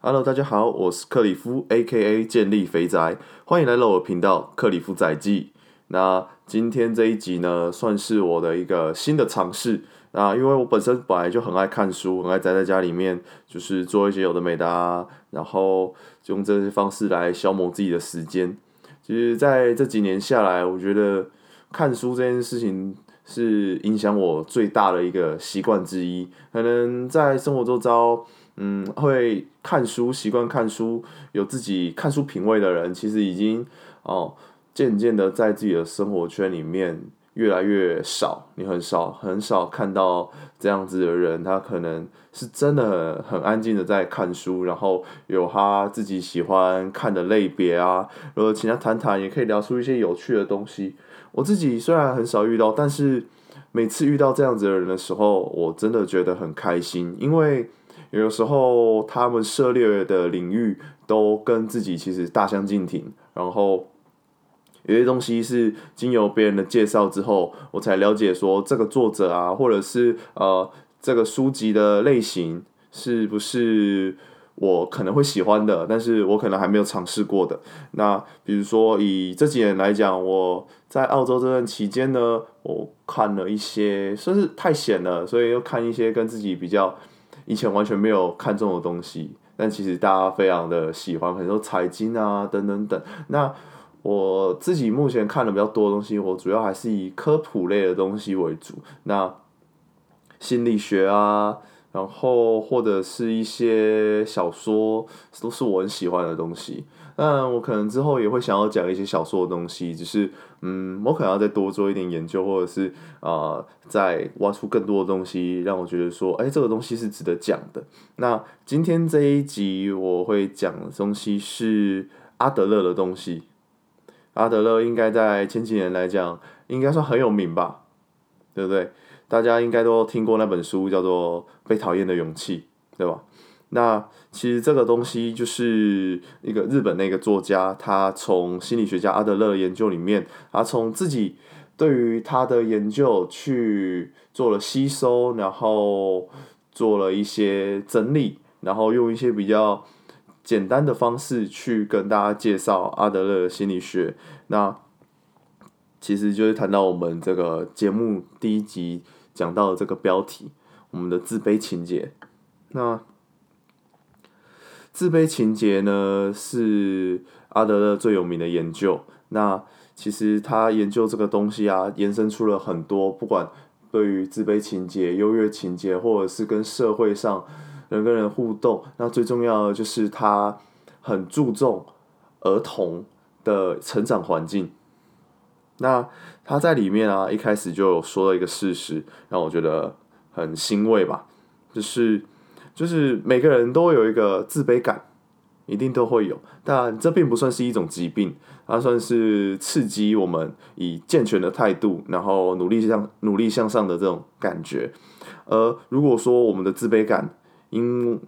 Hello，大家好，我是克里夫，A.K.A. 建立肥宅，歡迎來到我的頻道《克里夫宅記》。那今天這一集呢，算是我的一個新的嘗試。那因為我本身本來就很愛看書，很愛宅在家裡面，就是做一些有的沒的啊，然後用這些方式來消磨自己的時間。其實在這幾年下來，我覺得看書這件事情是影響我最大的一個習慣之一。可能在生活周遭。嗯，會看書，習慣看書，有自己看書品味的人，其實已經哦，漸漸的在自己的生活圈裡面越來越少。你很少很少看到這樣子的人，他可能是真的很安靜的在看書，然後有他自己喜歡看的類別啊。如果請他談談，也可以聊出一些有趣的東西。我自己雖然很少遇到，但是每次遇到這樣子的人的時候，我真的覺得很開心，因為。有時候他們涉獵的領域都跟自己其實大相徑庭，然後有些東西是經由別人的介紹之後，我才了解說這個作者啊，或者是呃這個書籍的類型是不是我可能會喜歡的，但是我可能還沒有嘗試過的。那比如說以這幾年來講，我在澳洲這段期間呢，我看了一些，甚至太閒了，所以又看一些跟自己比較。以前完全沒有看中的東西，但其實大家非常的喜歡，很多財經啊、等等等。那我自己目前看的比較多的東西，我主要還是以科普類的東西為主。那心理學啊，然後或者是一些小說，都是我很喜歡的東西。那我可能之後也會想要講一些小說的東西，只是，嗯，我可能要再多做一點研究，或者是啊，再挖出更多的東西，讓我覺得說，欸，這個東西是值得講的。那今天這一集我會講的東西是阿德勒的東西。阿德勒應該在前幾年來講，應該算很有名吧，對不對？大家應該都聽過那本書叫做《被討厭的勇氣》，對吧？那其實這個東西就是一個日本那個作家，他從心理學家阿德勒的研究裡面，他從自己對於他的研究去做了吸收，然後做了一些整理，然後用一些比較簡單的方式去跟大家介紹阿德勒的心理學。那其實就是談到我們這個節目第一集講到的這個標題，我們的自卑情節。那自卑情結呢，是阿德勒最有名的研究。那其實他研究這個東西啊，延伸出了很多，不管對於自卑情結、優越情結，或者是跟社會上人跟人互動，那最重要的就是他很注重兒童的成長環境。那他在裡面啊，一開始就有說了一個事實，讓我覺得很欣慰吧，就是。就是每個人都有一個自卑感，一定都會有。但這並不算是一種疾病，它算是刺激我們以健全的態度，然後努力向努力向上的這種感覺。而如果說我們的自卑感因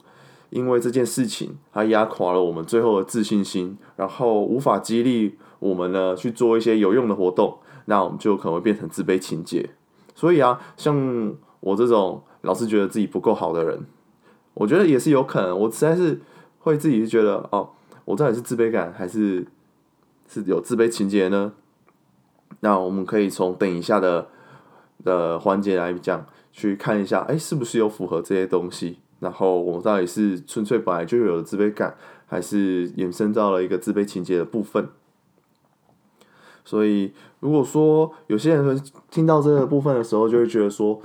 因為這件事情，它壓垮了我們最後的自信心，然後無法激勵我們呢去做一些有用的活動，那我們就可能會變成自卑情結。所以啊，像我這種老是覺得自己不夠好的人。我覺得也是有可能，我實在是會自己就覺得哦，我到底是自卑感，還是是有自卑情結呢？那我們可以從等一下的的環節來講，去看一下，哎、欸，是不是有符合這些東西？然後我們到底是純粹本來就有的自卑感，還是延伸到了一個自卑情結的部分？所以，如果說有些人聽到這個部分的時候，就會覺得說。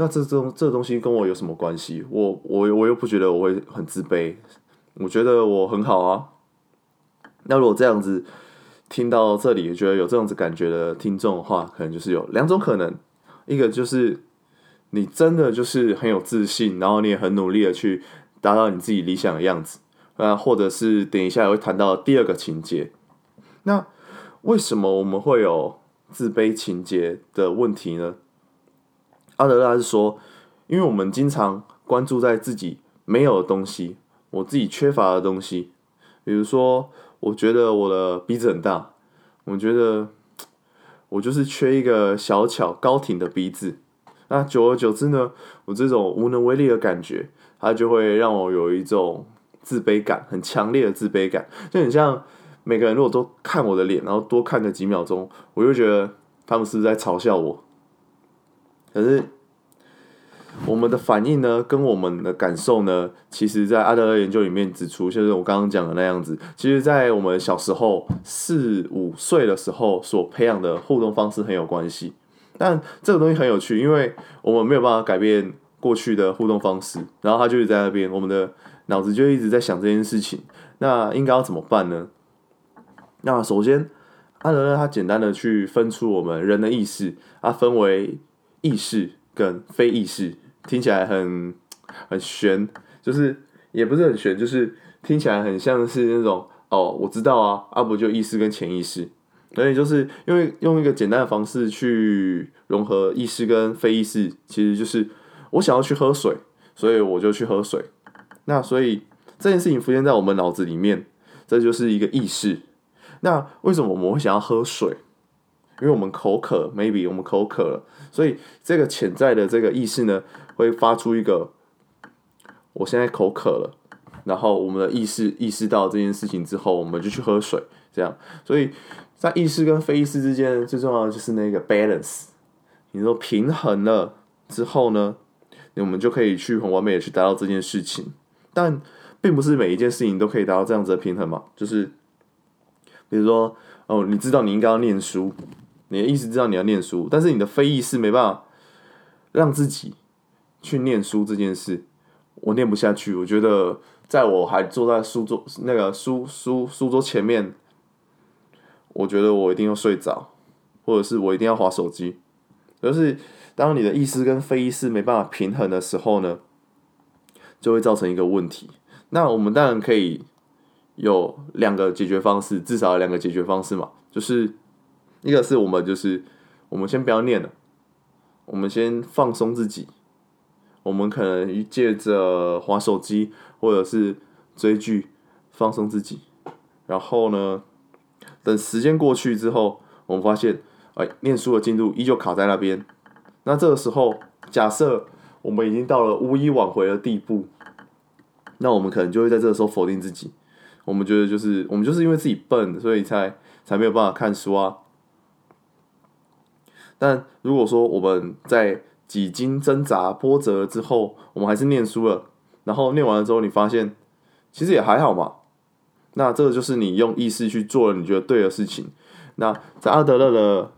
那這種這東西跟我有什麼關係？我我我又不覺得我會很自卑，我覺得我很好啊。那如果這樣子聽到這裡覺得有這樣子感覺的聽眾的話，可能就是有兩種可能：一個就是你真的就是很有自信，然後你也很努力的去達到你自己理想的樣子；那或者是等一下也會談到第二個情結。那為什麼我們會有自卑情結的問題呢？阿德勒是說，因為我們經常關注在自己沒有的東西，我自己缺乏的東西，比如說，我覺得我的鼻子很大，我覺得我就是缺一個小巧高挺的鼻子。那久而久之呢，我這種無能為力的感覺，它就會讓我有一種自卑感，很強烈的自卑感。就很像每個人如果都看我的臉，然後多看個幾秒鐘，我就覺得他們是不是在嘲笑我？可是，我們的反應呢，跟我們的感受呢，其實，在阿德勒研究裡面指出，就是我剛剛講的那樣子。其實，在我們小時候四五歲的時候所培養的互動方式很有關係。但這個東西很有趣，因為我們沒有辦法改變過去的互動方式，然後他就是在那邊，我們的腦子就一直在想這件事情。那應該要怎麼辦呢？那首先，阿德勒他簡單的去分出我們人的意識，他分為。意識跟非意識聽起來很很玄，就是也不是很玄，就是聽起來很像是那種哦，我知道啊，阿、啊、不就意識跟潛意識，所以就是用用一個簡單的方式去融合意識跟非意識，其實就是我想要去喝水，所以我就去喝水。那所以這件事情浮現在我們腦子裡面，這就是一個意識。那為什麼我們會想要喝水？因為我們口渴，maybe 我們口渴了，所以這個潛在的這個意識呢，會發出一個，我現在口渴了，然後我們的意識意識到這件事情之後，我們就去喝水，這樣。所以在意識跟非意識之間，最重要的就是那個 balance。你說平衡了之後呢，我們就可以去很完美的去達到這件事情。但並不是每一件事情都可以達到這樣子的平衡嘛，就是，比如說，哦，你知道你應該要念書。你的意思知道你要念書，但是你的非意識沒辦法讓自己去念書這件事，我念不下去。我覺得在我還坐在書桌那個書書書桌前面，我覺得我一定要睡着，或者是我一定要滑手機。而、就是當你的意識跟非意識沒辦法平衡的時候呢，就會造成一個問題。那我們當然可以有兩個解決方式，至少有兩個解決方式嘛，就是。一個是我們就是，我們先不要念了，我們先放鬆自己，我們可能借着滑手機或者是追劇放鬆自己，然後呢，等時間過去之後，我們發現哎、欸，念書的進度依舊卡在那邊，那這個時候假設我們已經到了無以挽回的地步，那我們可能就會在這個時候否定自己，我們覺得就是我們就是因為自己笨，所以才才沒有辦法看書啊。但如果說我們在幾經掙扎、波折之後，我們還是念書了，然後念完了之後，你發現其實也還好嘛。那這個就是你用意識去做了你覺得對的事情。那在阿德勒的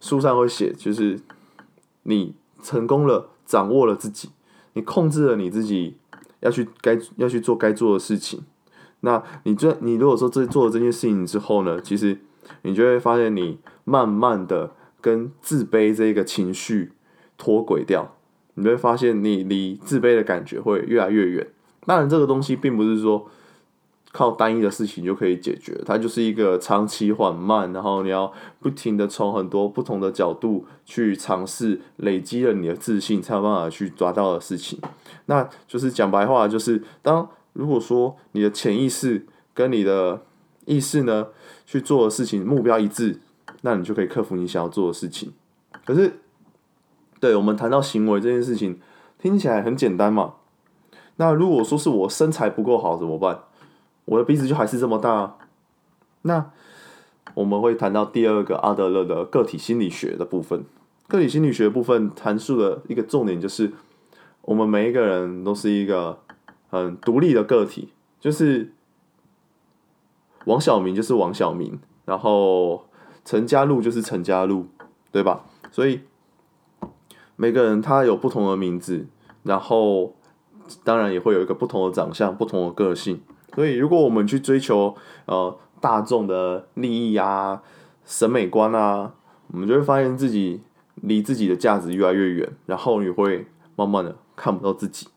書上會寫，就是你成功了，掌握了自己，你控制了你自己，要去該要去做該做的事情。那你這你如果說這做了這件事情之後呢，其實你就會發現你慢慢的。跟自卑這一個情緒脫軌掉，你會發現你離自卑的感覺會越來越遠。當然，這個東西並不是說靠單一的事情就可以解決，它就是一個長期緩慢，然後你要不停的從很多不同的角度去嘗試，累積了你的自信，才有辦法去抓到的事情。那就是講白話，就是當如果說你的潛意識跟你的意識呢，去做的事情目標一致。那你就可以克服你想要做的事情。可是，對，我們談到行為這件事情，聽起來很簡單嘛。那如果說是我身材不夠好怎麼辦？我的鼻子就還是這麼大。那我們會談到第二個阿德勒的個體心理學的部分。個體心理學的部分闡述的一個重點就是，我們每一個人都是一個很獨立的個體，就是王小明就是王小明，然後。陳家路就是陳家路，對吧？所以每個人他有不同的名字，然後當然也會有一個不同的長相、不同的個性。所以如果我們去追求呃大眾的利益啊、審美觀啊，我們就會發現自己離自己的價值越來越遠，然後你會慢慢的看不到自己。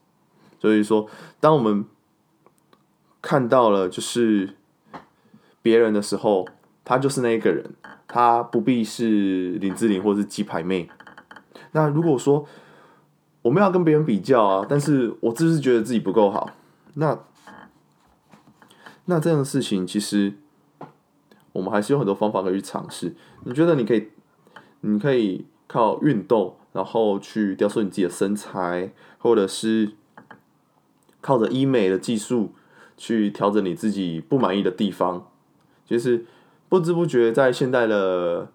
所以說，當我們看到了就是別人的時候。他就是那一個人，他不必是林志玲或是雞排妹。那如果說我們要跟別人比較啊，但是我就是，是覺得自己不夠好，那那這樣的事情，其實我們還是有很多方法可以去嘗試。你覺得你可以，你可以靠運動，然後去雕塑你自己的身材，或者是靠着醫美的技術去調整你自己不滿意的地方，就是。不知不覺，在現代的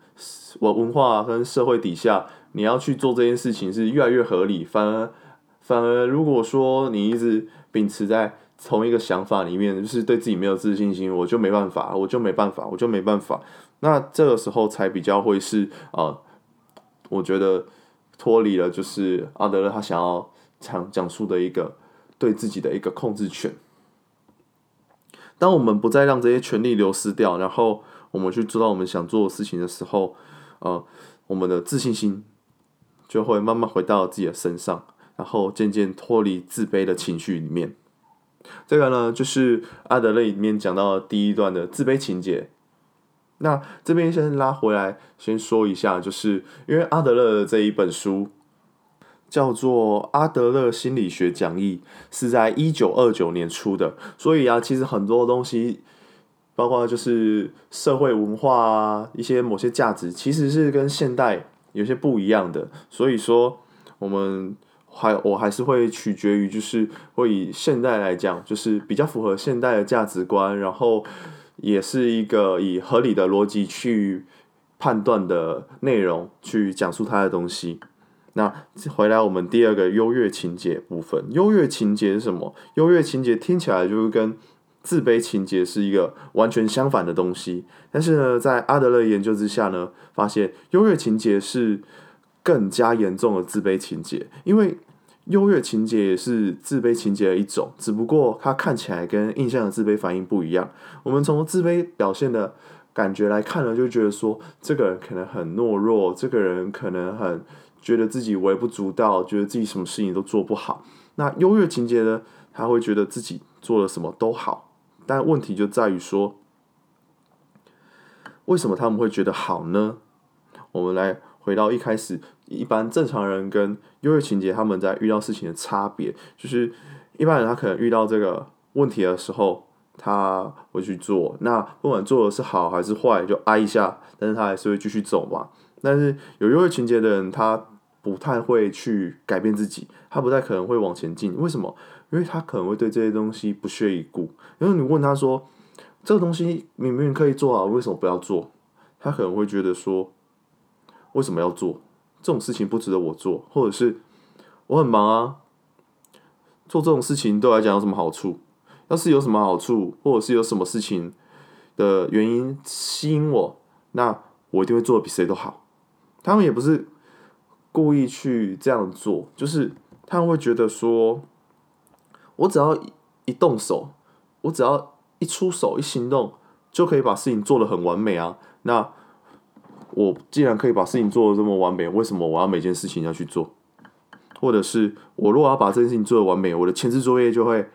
文文化跟社會底下，你要去做這件事情是越來越合理。反而反而如果說你一直秉持在同一個想法裡面，就是對自己沒有自信心，我就沒辦法，我就沒辦法，我就沒辦法。辦法，那這個時候才比較會是啊、呃，我覺得脫離了，就是阿德勒他想要講講述的一個對自己的一個控制權。當我們不再讓這些權力流失掉，然後，我們去做到我們想做的事情的時候，呃，我們的自信心就會慢慢回到自己的身上，然後漸漸脫離自卑的情緒裡面。這個呢，就是阿德勒裡面講到的第一段的自卑情節。那這邊先拉回來，先說一下，就是因為阿德勒的這一本書叫做《阿德勒心理學講義》，是在一九二九年出的，所以啊，其實很多東西。包括就是社會文化啊，一些某些價值，其實是跟現代有些不一樣的。所以說，我們還我還是會取決於，就是會以現代來講，就是比較符合現代的價值觀，然後也是一個以合理的邏輯去判斷的內容，去講述它的東西。那回來我們第二個優越情結部分，優越情結是什麼？優越情結聽起來就是跟。自卑情結是一個完全相反的東西，但是呢，在阿德勒研究之下呢，發現優越情結是更加嚴重的自卑情結，因為優越情結也是自卑情結的一種，只不過它看起來跟印象的自卑反應不一樣。我們從自卑表現的感覺來看呢，就覺得說這個人可能很懦弱，這個人可能很覺得自己微不足道，覺得自己什麼事情都做不好。那優越情結呢，他會覺得自己做了什麼都好。但問題就在於說，為什麼他們會覺得好呢？我們來回到一開始，一般正常人跟優越情結他們在遇到事情的差別，就是一般人他可能遇到這個問題的時候，他會去做，那不管做的是好還是壞，就挨一下，但是他還是會繼續走嘛。但是有優越情結的人，他不太會去改變自己，他不太可能會往前進，為什麼？因為他可能會對這些東西不屑一顧，然後你問他說：“這個東西明明可以做啊，為什麼不要做？”他可能會覺得說：“為什麼要做？這種事情不值得我做，或者是我很忙啊，做這種事情對我來講有什麼好處？要是有什麼好處，或者是有什麼事情的原因吸引我，那我一定會做的比誰都好。”他們也不是故意去這樣做，就是他們會覺得說。我只要一動手，我只要一出手、一行動，就可以把事情做得很完美啊。那我既然可以把事情做得這麼完美，為什麼我要每件事情要去做？或者是我如果要把這件事情做得完美，我的前置作業就會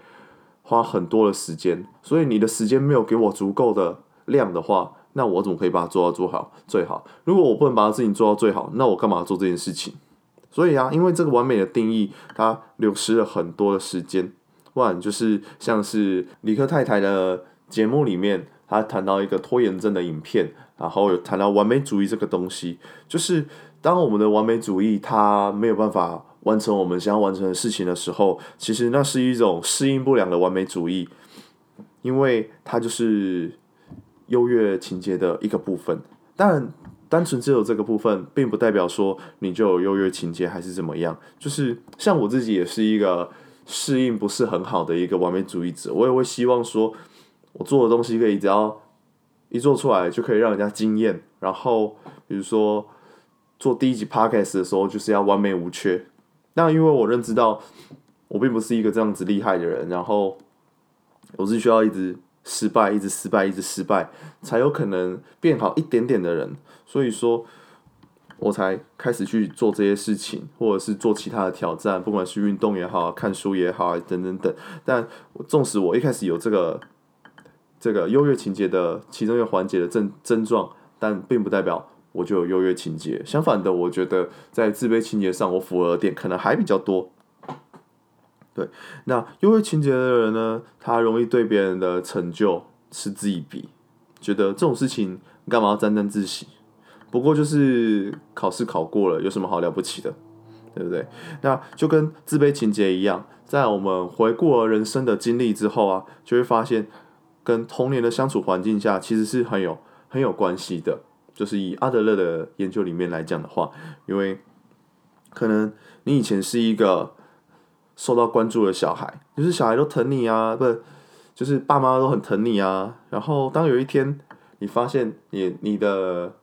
花很多的時間。所以你的時間沒有給我足夠的量的話，那我怎麼可以把它做到做好最好？如果我不能把它事情做到最好，那我幹嘛做這件事情？所以啊，因為這個完美的定義，它流失了很多的時間。不然就是像是理科太太的節目裡面，她談到一個拖延症的影片，然後有談到完美主義這個東西，就是當我們的完美主義它沒有辦法完成我們想要完成的事情的時候，其實那是一種適應不良的完美主義，因為它就是優越情節的一個部分。但單純只有這個部分，並不代表說你就有優越情節還是怎麼樣。就是像我自己也是一個。適應不是很好的一個完美主義者，我也會希望說，我做的東西可以只要一做出來就可以讓人家驚豔。然後比如說做第一集 podcast 的時候，就是要完美無缺。那因為我認知到，我並不是一個這樣子厲害的人，然後我是需要一直失敗、一直失敗、一直失敗，才有可能變好一點點的人。所以說。我才開始去做這些事情，或者是做其他的挑戰，不管是運動也好，看書也好，等等等。但我，縱使我一開始有這個這個優越情結的其中一個環節的症症狀，但並不代表我就有優越情結。相反的，我覺得在自卑情結上，我符合的點可能還比較多。對，那優越情結的人呢，他容易對別人的成就嗤之以鼻，覺得這種事情幹嘛要沾沾自喜？不過就是考試考過了，有什麼好了不起的，對不對？那就跟自卑情結一樣，在我們回顧了人生的經歷之後啊，就會發現跟童年的相處環境下其實是很有很有關係的。就是以阿德勒的研究裡面來講的話，因為可能你以前是一個受到關注的小孩，就是小孩都疼你啊，不是，就是爸媽都很疼你啊。然後當有一天你發現你你的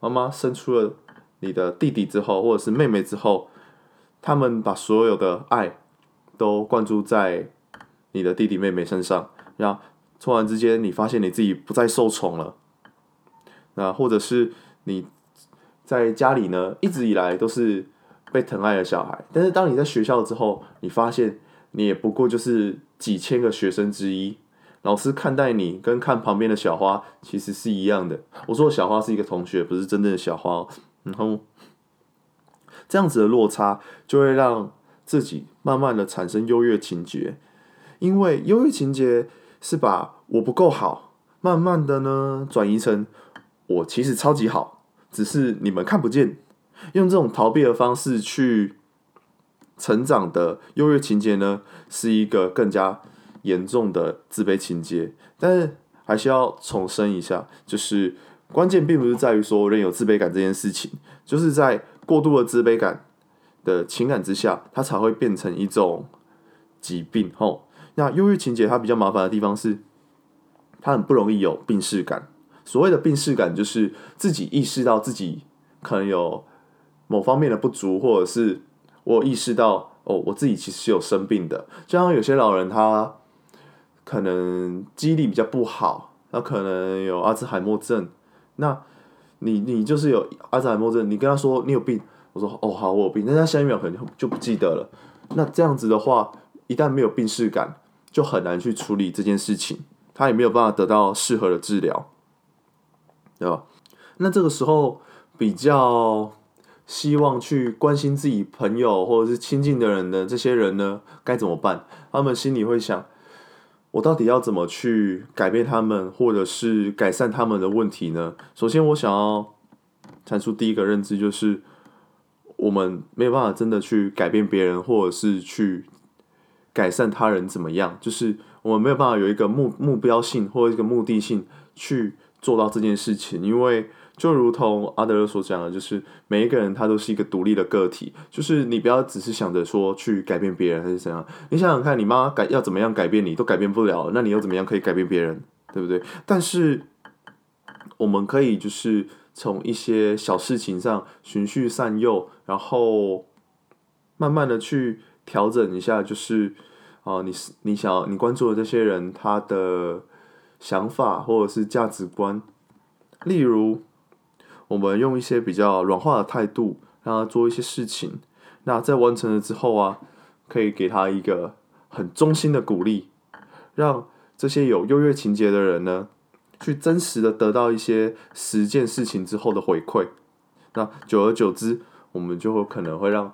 媽媽生出了你的弟弟之後，或者是妹妹之後，他們把所有的愛都灌注在你的弟弟妹妹身上，然後突然之間你發現你自己不再受寵了。那或者是你在家裡呢，一直以來都是被疼愛的小孩，但是當你在學校之後，你發現你也不過就是幾千個學生之一。老師看待你跟看旁邊的小花其實是一樣的。我說小花是一個同學，不是真正的小花。然後這樣子的落差，就會讓自己慢慢的產生優越情結。因為優越情結是把我不夠好，慢慢的呢轉移成我其實超級好，只是你們看不見。用這種逃避的方式去成長的優越情結呢，是一個更加嚴重的自卑情結，但是還是要重申一下，就是關鍵並不是在於說，人有自卑感這件事情，就是在過度的自卑感的情感之下，它，才會變成一種疾病。吼，那憂鬱情節它比較麻煩的地方是，它很不容易有病識感。所謂的病識感，就是自己意識到自己可能有某方面的不足，或者是我意識到哦，我自己其實是有生病的，就像有些老人他，可能記憶力比較不好，那可能有阿茲海默症。那你，你你就是有阿茲海默症，你跟他說你有病，我說哦好，我有病，那他下一秒可能就不記得了。那這樣子的話，一旦沒有病識感，就很難去處理這件事情，他也沒有辦法得到適合的治療，對吧？那這個時候比較希望去關心自己朋友或者是親近的人的這些人呢，該怎麼辦？他們心裡會想。我到底要怎麼去改變他們，或者是改善他們的問題呢？首先，我想要闡述第一個認知，就是我們沒有辦法真的去改變別人，或者是去改善他人怎麼樣，就是我們沒有辦法有一個目目標性或者一個目的性去做到這件事情，因為。就如同阿德勒所講的，就是每一個人他都是一個獨立的個體，就是你不要只是想着說去改變別人還是怎樣。你想想看，你媽改要怎麼樣改變你都改變不了了，那你又怎麼樣可以改變別人，對不對？但是我們可以就是從一些小事情上循序善誘，然後慢慢的去調整一下，就是啊、呃，你你想要你關注的這些人他的想法或者是價值觀，例如。我們用一些比較軟化的態度，讓他做一些事情。那在完成了之後啊，可以給他一個很衷心的鼓勵，讓這些有優越情結的人呢，去真實的得到一些實踐事情之後的回饋。那久而久之，我們就有可能會讓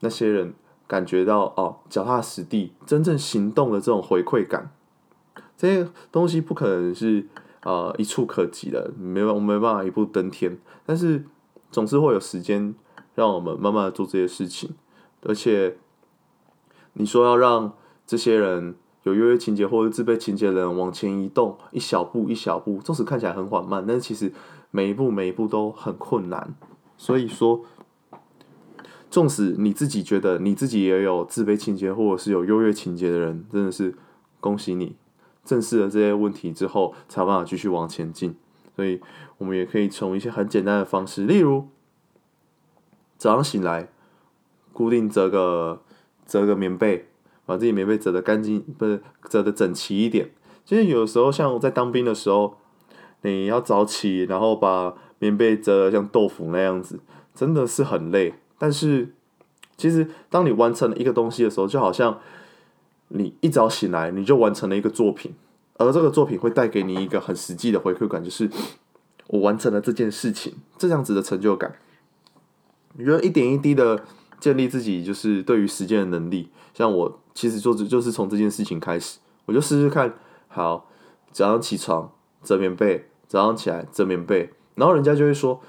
那些人感覺到哦，腳踏實地、真正行動的這種回饋感。這些東西不可能是。啊、呃，一蹴可幾的，沒我們沒辦法一步登天，但是總是會有時間讓我們慢慢的做這些事情，而且你說要讓這些人有優越情結或者自卑情結的人往前移動，一小步一小步，縱使看起來很緩慢，但是其實每一步每一步都很困難，所以說，縱使你自己覺得你自己也有自卑情結或者是有優越情結的人，真的是恭喜你。正視了這些問題之後，才有辦法繼續往前進。所以，我們也可以從一些很簡單的方式，例如，早上醒來，固定折個折個棉被，把自己棉被折得乾淨，不是折得整齊一點。其實，有的時候像我在當兵的時候，你要早起，然後把棉被折得像豆腐那樣子，真的是很累。但是，其實當你完成了一個東西的時候，就好像。你一早醒來，你就完成了一個作品，而這個作品會帶給你一個很實際的回饋感，就是我完成了這件事情，這樣子的成就感。你就一點一滴的建立自己，就是對於時間的能力，像我其實就是、就是從這件事情開始，我就試試看，好，早上起床折棉被，早上起來折棉被，然後人家就會說。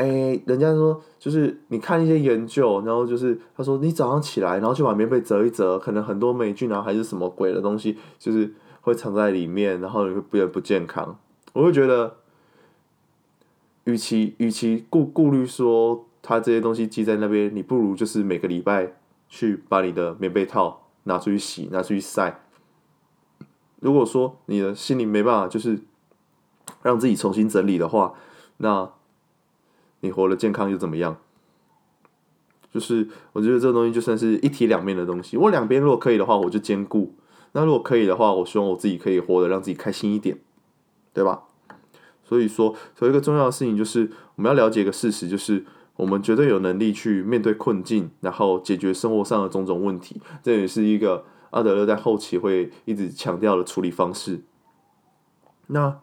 哎，人家說就是你看一些研究，然後就是他說，你早上起來，然後去把棉被折一折，可能很多霉菌啊還是什麼鬼的東西，就是會藏在裡面，然後你會變得不健康。我會覺得，與其與其顧顧慮說他這些東西積在那邊，你不如就是每個禮拜去把你的棉被套拿出去洗，拿出去曬。如果說你的心裡沒辦法就是讓自己重新整理的話，那。你活得健康又怎麼樣？就是我覺得這個東西就算是一體兩面的東西，我兩邊如果可以的話，我就兼顧。那如果可以的話，我希望我自己可以活得讓自己開心一點，對吧？所以說，所以一個重要的事情就是我們要了解一個事實，就是我們絕對有能力去面對困境，然後解決生活上的種種問題。這也是一個阿德勒在後期會一直強調的處理方式。那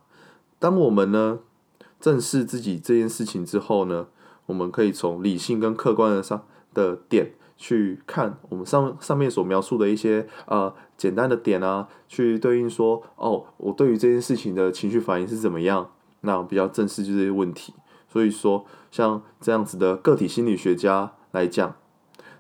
當我們呢？正視自己這件事情之後呢，我們可以從理性跟客觀的上的點去看我們上上面所描述的一些啊、呃，簡單的點啊，去對應說哦，我對於這件事情的情緒反應是怎麼樣，那比較正視這些問題。所以說，像這樣子的個體心理學家來講，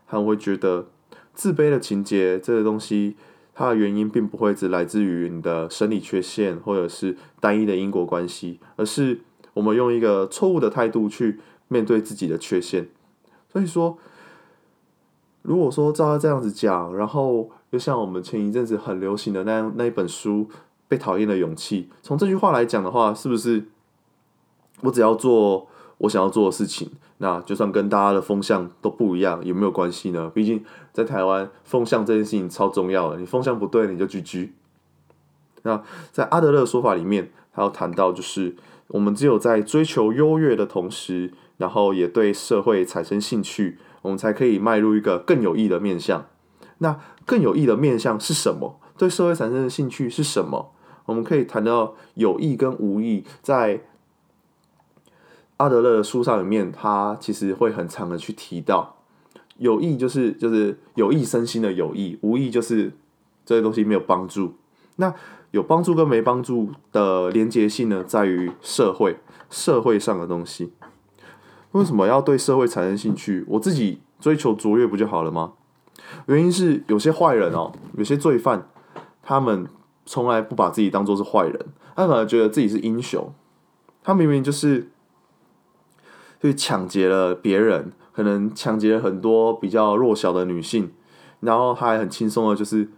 他會覺得自卑的情節這個東西，它的原因並不會只來自於你的生理缺陷或者是單一的因果關係，而是。我們用一個錯誤的態度去面對自己的缺陷，所以說，如果說照他這樣子講，然後又像我們前一陣子很流行的那那一本書《被討厭的勇氣》，從這句話來講的話，是不是我只要做我想要做的事情，那就算跟大家的風向都不一樣，有沒有關係呢？畢竟在台灣風向這件事情超重要的。你風向不對，你就 GG。那在阿德勒的說法裡面，他有談到就是。我們只有在追求優越的同時，然後也對社會產生興趣，我們才可以邁入一個更有益的面向。那更有益的面向是什麼？對社會產生的興趣是什麼？我們可以談到有益跟無益，在阿德勒的書上裡面，他其實會很常的去提到，有益就是就是有益身心的有益，無益就是這些東西沒有幫助。那有幫助跟沒幫助的連接性呢，在於社會、社會上的東西。為什麼要對社會產生興趣？我自己追求卓越不就好了嗎？原因是有些壞人哦，有些罪犯，他們從來不把自己當作是壞人，他反而覺得自己是英雄。他明明就是，去搶劫了別人，可能搶劫了很多比較弱小的女性，然後他還很輕鬆的，就是。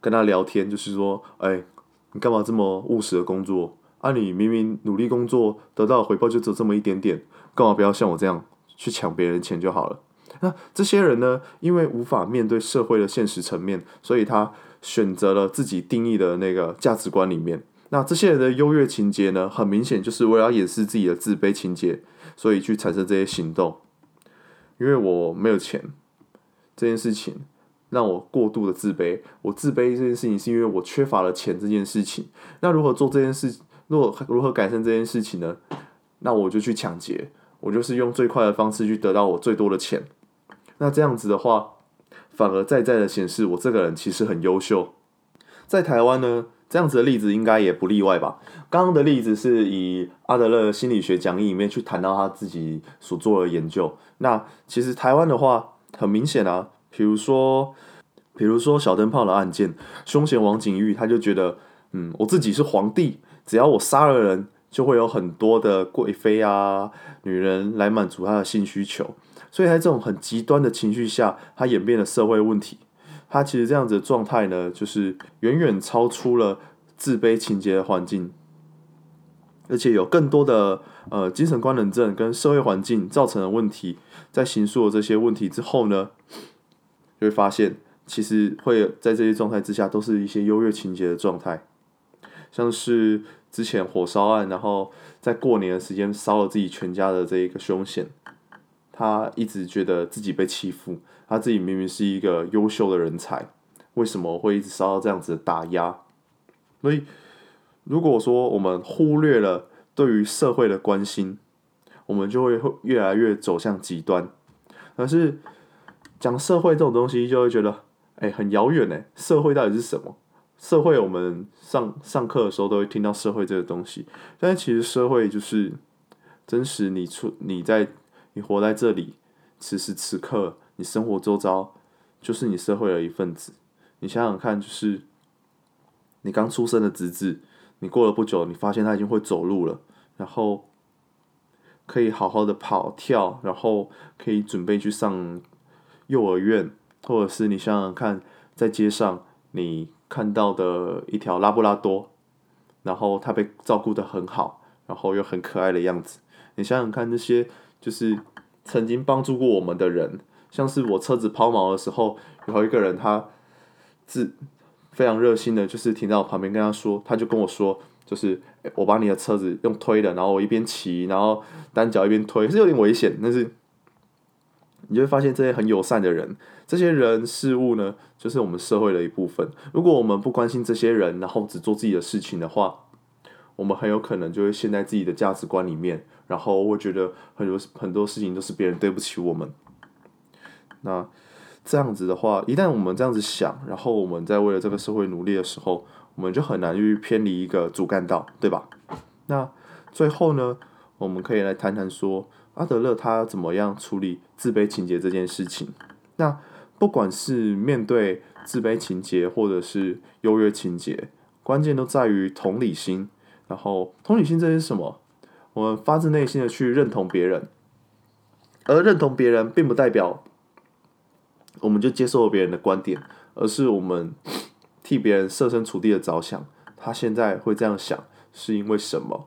跟他聊天，就是說，哎、欸，你幹嘛這麼務實的工作？啊，你明明努力工作，得到的回報就只有這麼一點點，幹嘛不要像我這樣去搶別人錢就好了？那這些人呢，因為無法面對社會的現實層面，所以他選擇了自己定義的那個價值觀裡面。那這些人的優越情結呢，很明顯就是為了掩飾自己的自卑情結，所以去產生這些行動。因為我沒有錢這件事情。讓我過度的自卑。我自卑這件事情，是因為我缺乏了錢這件事情。那如何做這件事？若如何改善這件事情呢？那我就去搶劫，我就是用最快的方式去得到我最多的錢。那這樣子的話，反而再再的顯示我這個人其實很優秀。在台灣呢，這樣子的例子應該也不例外吧？剛剛的例子是以阿德勒心理學講義裡面去談到他自己所做的研究。那其實台灣的話，很明顯啊。比如說，比如說小燈泡的案件，兇嫌王景玉，他就覺得，嗯，我自己是皇帝，只要我殺了人，就會有很多的貴妃啊、女人來滿足他的性需求。所以在這種很極端的情緒下，他演變了社會問題。他其實這樣子的狀態呢，就是遠遠超出了自卑情結的環境，而且有更多的呃精神官能症跟社會環境造成的問題。在行述了這些問題之後呢，就會發現，其實會在這些狀態之下，都是一些優越情結的狀態。像是之前火燒案，然後在過年的時間燒了自己全家的這一個兇嫌。他一直覺得自己被欺負，他自己明明是一個優秀的人才，為什麼會一直受到這樣子的打壓？所以，如果說我們忽略了對於社會的關心，我們就會會越來越走向極端。但是，講社會這種東西，就會覺得哎很遙遠呢。社會到底是什麼？社會，我們上上課的時候都會聽到社會這個東西，但是其實社會就是真實。你出，你在，你活在這裡，此時此刻，你生活周遭就是你社會的一份子。你想想看，就是你剛出生的侄子，你過了不久了，你發現他已經會走路了，然後可以好好的跑跳，然後可以準備去上。幼兒園，或者是你想想看，在街上你看到的一條拉布拉多，然後它被照顧得很好，然後又很可愛的樣子。你想想看，那些就是曾經幫助過我們的人，像是我車子拋錨的時候，有一個人他自非常熱心的，就是停在我旁邊跟他說，他就跟我說，就是、欸，我把你的車子用推的，然後我一邊騎，然後單腳一邊推，是有點危險，但是。你就會發現這些很友善的人，這些人事物呢，就是我們社會的一部分。如果我們不關心這些人，然後只做自己的事情的話，我們很有可能就會陷在自己的價值觀裡面，然後會覺得很多很多事情都是別人對不起我們。那這樣子的話，一旦我們這樣子想，然後我們在為了這個社會努力的時候，我們就很難去偏離一個主幹道，對吧？那最後呢，我們可以來談談說。阿德勒他怎麼樣處理自卑情結這件事情？那不管是面對自卑情結，或者是優越情結，關鍵都在於同理心。然後同理心，這是什麼？我們發自內心的去認同別人，而認同別人，並不代表我們就接受了別人的觀點，而是我們替別人設身處地的着想。他現在會這樣想，是因為什麼？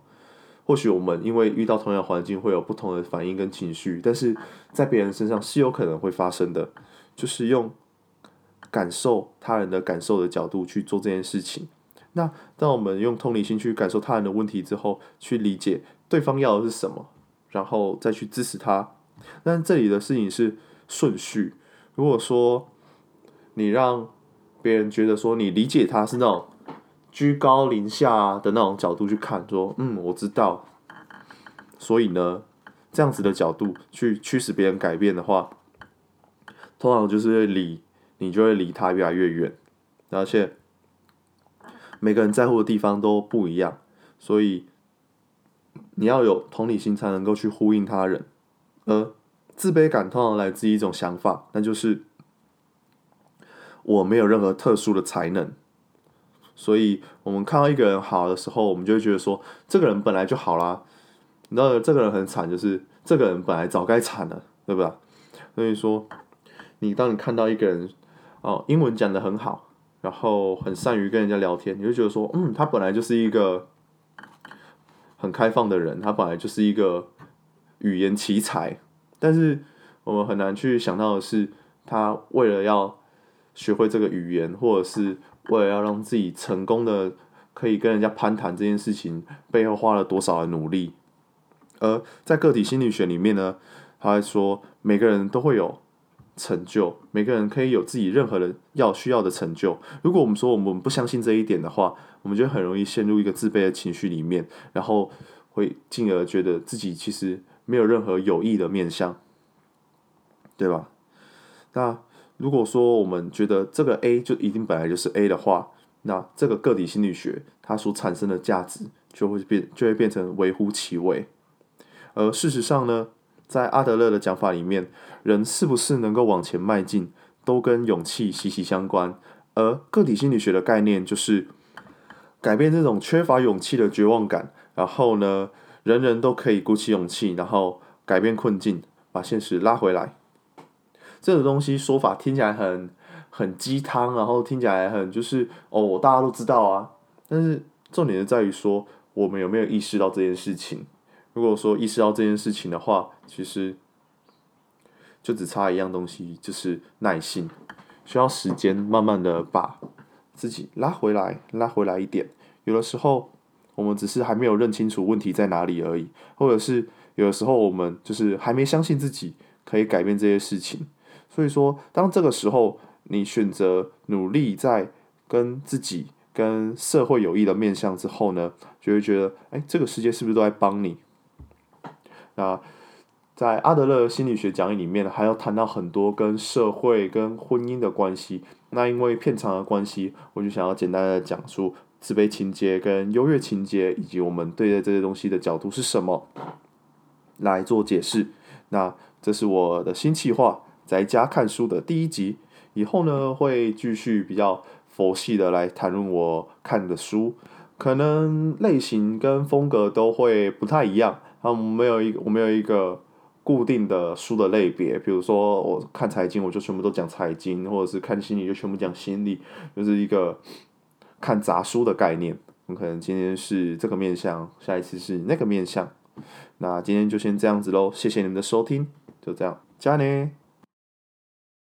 或許我們因為遇到同樣環境會有不同的反應跟情緒，但是在別人身上是有可能會發生的，就是用感受他人的感受的角度去做這件事情。那當我們用同理心去感受他人的問題之後，去理解對方要的是什麼，然後再去支持他。但這裡的事情是順序。如果說你讓別人覺得說你理解他是那種。居高臨下的那種角度，去看，說，嗯，我知道，所以呢，這樣子的角度去驅使別人改變的話，通常就是離你就會離他越來越遠，而且每個人在乎的地方都不一樣，所以你要有同理心才能夠去呼應他人。而自卑感通常來自一種想法，那就是我沒有任何特殊的才能。所以我們看到一個人好的時候，我們就會覺得說，這個人本來就好啦。那這個人很慘，就是這個人本來早該慘了，對吧？所以說，你當你看到一個人，哦，英文講得很好，然後很善於跟人家聊天，你就覺得說，嗯，他本來就是一個很開放的人，他本來就是一個語言奇才。但是我們很難去想到的是，他為了要學會這個語言，或者是。為了要讓自己成功的，可以跟人家攀談，這件事情背後花了多少的努力。而在個體心理學裡面呢，他還說每個人都會有成就，每個人可以有自己任何的要需要的成就。如果我們說我們不相信這一點的話，我們就很容易陷入一個自卑的情緒裡面，然後會進而覺得自己其實沒有任何有益的面向，對吧？那。如果說我們覺得這個 A 就一定本來就是 A 的話，那這個個體心理學它所產生的價值就會變，就會變成微乎其微。而事實上呢，在阿德勒的講法裡面，人是不是能夠往前邁進，都跟勇氣息息相關。而個體心理學的概念就是改變這種缺乏勇氣的絕望感，然後呢，人人都可以鼓起勇氣，然後改變困境，把現實拉回來。這個東西說法聽起來很很雞湯，然後聽起來很就是哦，我大家都知道啊。但是重點是在於說，我們有沒有意識到這件事情？如果說意識到這件事情的話，其實就只差一樣東西，就是耐心，需要時間慢慢的把自己拉回來，拉回來一點。有的時候我們只是還沒有認清楚問題在哪裡而已，或者是有的時候我們就是還沒相信自己可以改變這些事情。所以說，當這個時候你選擇努力在跟自己、跟社會有益的面向之後呢，就會覺得，哎，這個世界是不是都在幫你？那在阿德勒心理學講義裡面，還要談到很多跟社會、跟婚姻的關係。那因為片長的關係，我就想要簡單的講述自卑情結跟優越情結，以及我們對待這些東西的角度是什麼，來做解釋。那這是我的新企劃。宅家看書的第一集，以後呢會繼續比較佛系的來談論我看的書，可能類型跟風格都會不太一樣。然後我沒有一我沒有一個固定的書的類別，比如說我看財經，我就全部都講財經；或者是看心理，就全部講心理，就是一個看雜書的概念。我可能今天是這個面向，下一次是那個面向。那今天就先這樣子嘍，謝謝你們的收聽，就這樣，加呢。